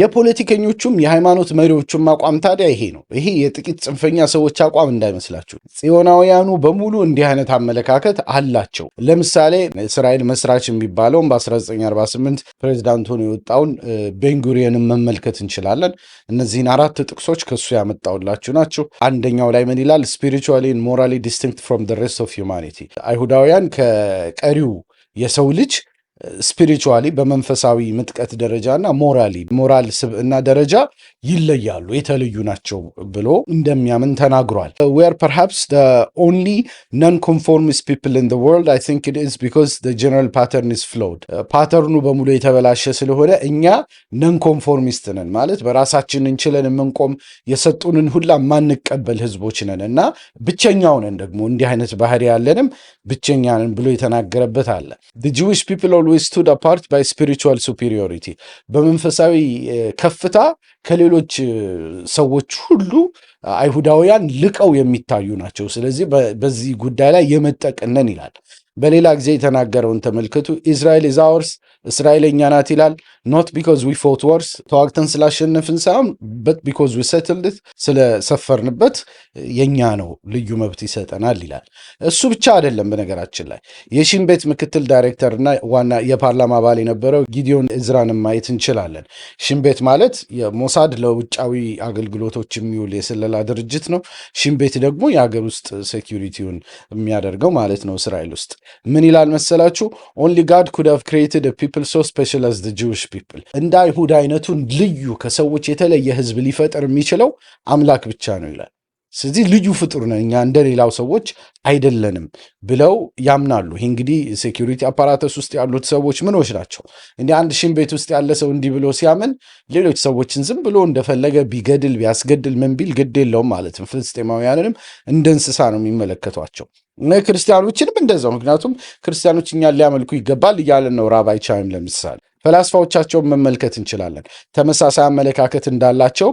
የፖለቲከኞቹም የሃይማኖት መሪዎቹም አቋም ታዲያ ይሄ ነው። ይሄ የጥቂት ጽንፈኛ ሰዎች አቋም እንዳይመስላችሁ። ጽዮናውያኑ በሙሉ እንዲህ አይነት አመለካከት አላቸው። ለምሳሌ እስራኤል መስራች የሚባለውን በ1948 ፕሬዚዳንት ሆኖ የወጣውን ቤንጉሪየንን መመልከት እንችላለን። እነዚህን አራት ጥቅሶች ከሱ ያመጣውላችሁ ናቸው። አንደኛው ላይ ምን ይላል? ስፒሪቹዋሊ ሞራሊ ዲስቲንክት ፍሮም ዘ ሬስት ኦፍ ሁማኒቲ አይሁዳውያን ከቀሪው የሰው ልጅ ስፒሪቹዋሊ በመንፈሳዊ ምጥቀት ደረጃና ሞራሊ ሞራል ስብዕና ደረጃ ይለያሉ፣ የተለዩ ናቸው ብሎ እንደሚያምን ተናግሯል። ዌር ፐርሃፕስ ኦንሊ ነን ኮንፎርሚስ ፒፕል ኢን ወርልድ አይ ቲንክ ኢት ኢዝ ቢኮዝ ጀነራል ፓተርን ኢዝ ፍሎድ፣ ፓተርኑ በሙሉ የተበላሸ ስለሆነ እኛ ነን ኮንፎርሚስት ነን ማለት በራሳችን እንችለን የምንቆም የሰጡንን ሁላ ማንቀበል ህዝቦች ነን እና ብቸኛው ነን ደግሞ እንዲህ አይነት ባህሪ ያለንም ብቸኛ ነን ብሎ የተናገረበት አለ ጂዊሽ ፒፕል ስቱድ አፓርት ባይ ስፒሪቹዋል ሱፔሪዮሪቲ በመንፈሳዊ ከፍታ ከሌሎች ሰዎች ሁሉ አይሁዳውያን ልቀው የሚታዩ ናቸው። ስለዚህ በዚህ ጉዳይ ላይ የመጠቅነን ይላል። በሌላ ጊዜ የተናገረውን ተመልክቱ። ኢዝራኤል ኢዝ አወርስ፣ እስራኤል ናት ይላል። ኖት ቢኮዝ ዊ ፎት ወርስ፣ ተዋግተን ስላሸነፍን ሳይሆን በት ቢኮዝ ዊ ስለሰፈርንበት የኛ ነው፣ ልዩ መብት ይሰጠናል ይላል። እሱ ብቻ አይደለም። በነገራችን ላይ የሺን ቤት ምክትል ዳይሬክተርና ዋና የፓርላማ አባል የነበረው ጊዲዮን እዝራንም ማየት እንችላለን። ሽን ቤት ማለት የሞሳድ ለውጫዊ አገልግሎቶች የሚውል የስለላ ድርጅት ነው። ሽን ቤት ደግሞ የሀገር ውስጥ ሴኪሪቲውን የሚያደርገው ማለት ነው እስራኤል ውስጥ ምን ይላል መሰላችሁ? ኦንሊ ጋድ ኩድ ሃቭ ክሬትድ ፒፕል ሶ ስፔሻል አዝ ጂውሽ ፒፕል። እንደ አይሁድ አይነቱን ልዩ ከሰዎች የተለየ ህዝብ ሊፈጠር የሚችለው አምላክ ብቻ ነው ይላል። ስለዚህ ልዩ ፍጡር ነው፣ እኛ እንደ ሌላው ሰዎች አይደለንም ብለው ያምናሉ። ይህ እንግዲህ ሴኪሪቲ አፓራተስ ውስጥ ያሉት ሰዎች ምኖች ናቸው። እንዲህ አንድ ሽን ቤት ውስጥ ያለ ሰው እንዲህ ብሎ ሲያምን ሌሎች ሰዎችን ዝም ብሎ እንደፈለገ ቢገድል ቢያስገድል ምን ቢል ግድ የለውም ማለት ነው። ፍልስጤማውያንንም እንደ እንስሳ ነው የሚመለከቷቸው። ክርስቲያኖችንም እንደዛው። ምክንያቱም ክርስቲያኖች እኛን ሊያመልኩ ይገባል እያለን ነው ራባይ ቻይም። ለምሳሌ ፈላስፋዎቻቸውን መመልከት እንችላለን። ተመሳሳይ አመለካከት እንዳላቸው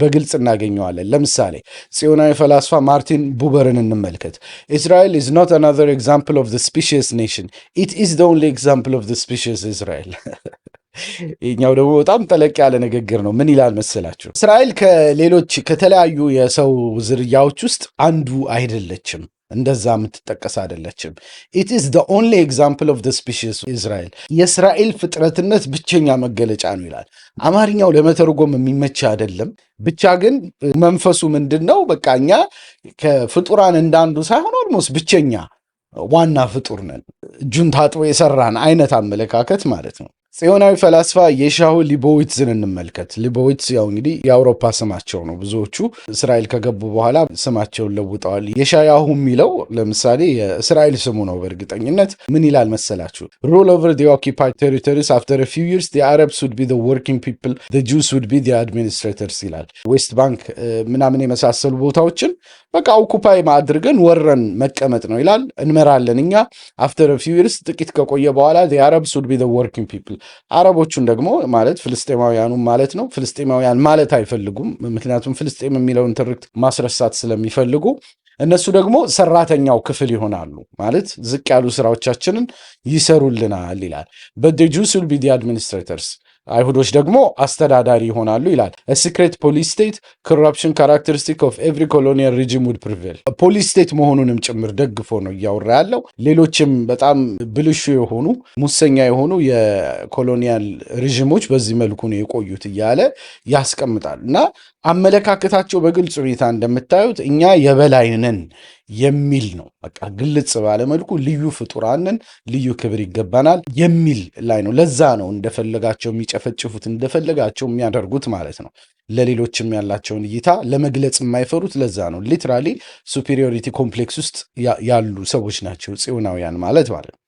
በግልጽ እናገኘዋለን። ለምሳሌ ጽዮናዊ ፈላስፋ ማርቲን ቡበርን እንመልከት። እስራኤል ኢዝ ኖት አናዘር ኤግዛምፕል ኦፍ ዘ ስፒሺየስ ኔሽን ኢት ኢዝ ዘ ኦንሊ ኤግዛምፕል ኦፍ ዘ ስፒሺየስ ኢስራኤል። ይኛው ደግሞ በጣም ጠለቅ ያለ ንግግር ነው። ምን ይላል መሰላችሁ? እስራኤል ከሌሎች ከተለያዩ የሰው ዝርያዎች ውስጥ አንዱ አይደለችም እንደዛ የምትጠቀስ አይደለችም። ኢት ኢዝ ዘ ኦንሊ ኤግዛምፕል ኦፍ ዘ ስፒሺስ እስራኤል የእስራኤል ፍጥረትነት ብቸኛ መገለጫ ነው ይላል። አማርኛው ለመተርጎም የሚመች አይደለም። ብቻ ግን መንፈሱ ምንድን ነው? በቃ እኛ ከፍጡራን እንዳንዱ ሳይሆን ኦልሞስት ብቸኛ ዋና ፍጡር ነን፣ እጁን ታጥቦ የሰራን አይነት አመለካከት ማለት ነው። ጽዮናዊ ፈላስፋ የሻሁ ሊቦዊትዝን እንመልከት። ሊቦዊትዝ ያው እንግዲህ የአውሮፓ ስማቸው ነው። ብዙዎቹ እስራኤል ከገቡ በኋላ ስማቸውን ለውጠዋል። የሻያሁ የሚለው ለምሳሌ የእስራኤል ስሙ ነው። በእርግጠኝነት ምን ይላል መሰላችሁ? ሩል ኦቨር ዲ ኦኪፓይድ ቴሪቶሪስ አፍተር ፊው ይርስ ዲ አረብስ ውድ ቢ ወርኪንግ ፒፕል ጁስ ውድ ቢ አድሚኒስትሬተርስ ይላል። ዌስት ባንክ ምናምን የመሳሰሉ ቦታዎችን በቃ ኦኩፓይ አድርገን ወረን መቀመጥ ነው ይላል። እንመራለን እኛ። አፍተር ፊው ይርስ ጥቂት ከቆየ በኋላ ዲ አረብስ ውድ ቢ ወርኪንግ ፒፕል አረቦቹን ደግሞ ማለት ፍልስጤማውያኑ ማለት ነው። ፍልስጤማውያን ማለት አይፈልጉም። ምክንያቱም ፍልስጤም የሚለውን ትርክት ማስረሳት ስለሚፈልጉ እነሱ ደግሞ ሰራተኛው ክፍል ይሆናሉ። ማለት ዝቅ ያሉ ስራዎቻችንን ይሰሩልናል ይላል። በደ ጁስ ዲ አድሚኒስትሬተርስ አይሁዶች ደግሞ አስተዳዳሪ ይሆናሉ ይላል። ሲክሬት ፖሊስ ስቴት ኮራፕሽን ካራክተሪስቲክ ኦፍ ኤቭሪ ኮሎኒያል ሪጂም ውድ ፕሪቬል ፖሊስ ስቴት መሆኑንም ጭምር ደግፎ ነው እያወራ ያለው። ሌሎችም በጣም ብልሹ የሆኑ ሙሰኛ የሆኑ የኮሎኒያል ሪዥሞች በዚህ መልኩ ነው የቆዩት እያለ ያስቀምጣል እና አመለካከታቸው በግልጽ ሁኔታ እንደምታዩት እኛ የበላይንን የሚል ነው። በቃ ግልጽ ባለመልኩ ልዩ ፍጡራንን ልዩ ክብር ይገባናል የሚል ላይ ነው። ለዛ ነው እንደፈለጋቸው የሚጨፈጭፉት እንደፈለጋቸው የሚያደርጉት ማለት ነው። ለሌሎችም ያላቸውን እይታ ለመግለጽ የማይፈሩት ለዛ ነው። ሊትራሊ ሱፔሪዮሪቲ ኮምፕሌክስ ውስጥ ያሉ ሰዎች ናቸው ጽዮናውያን ማለት ማለት ነው።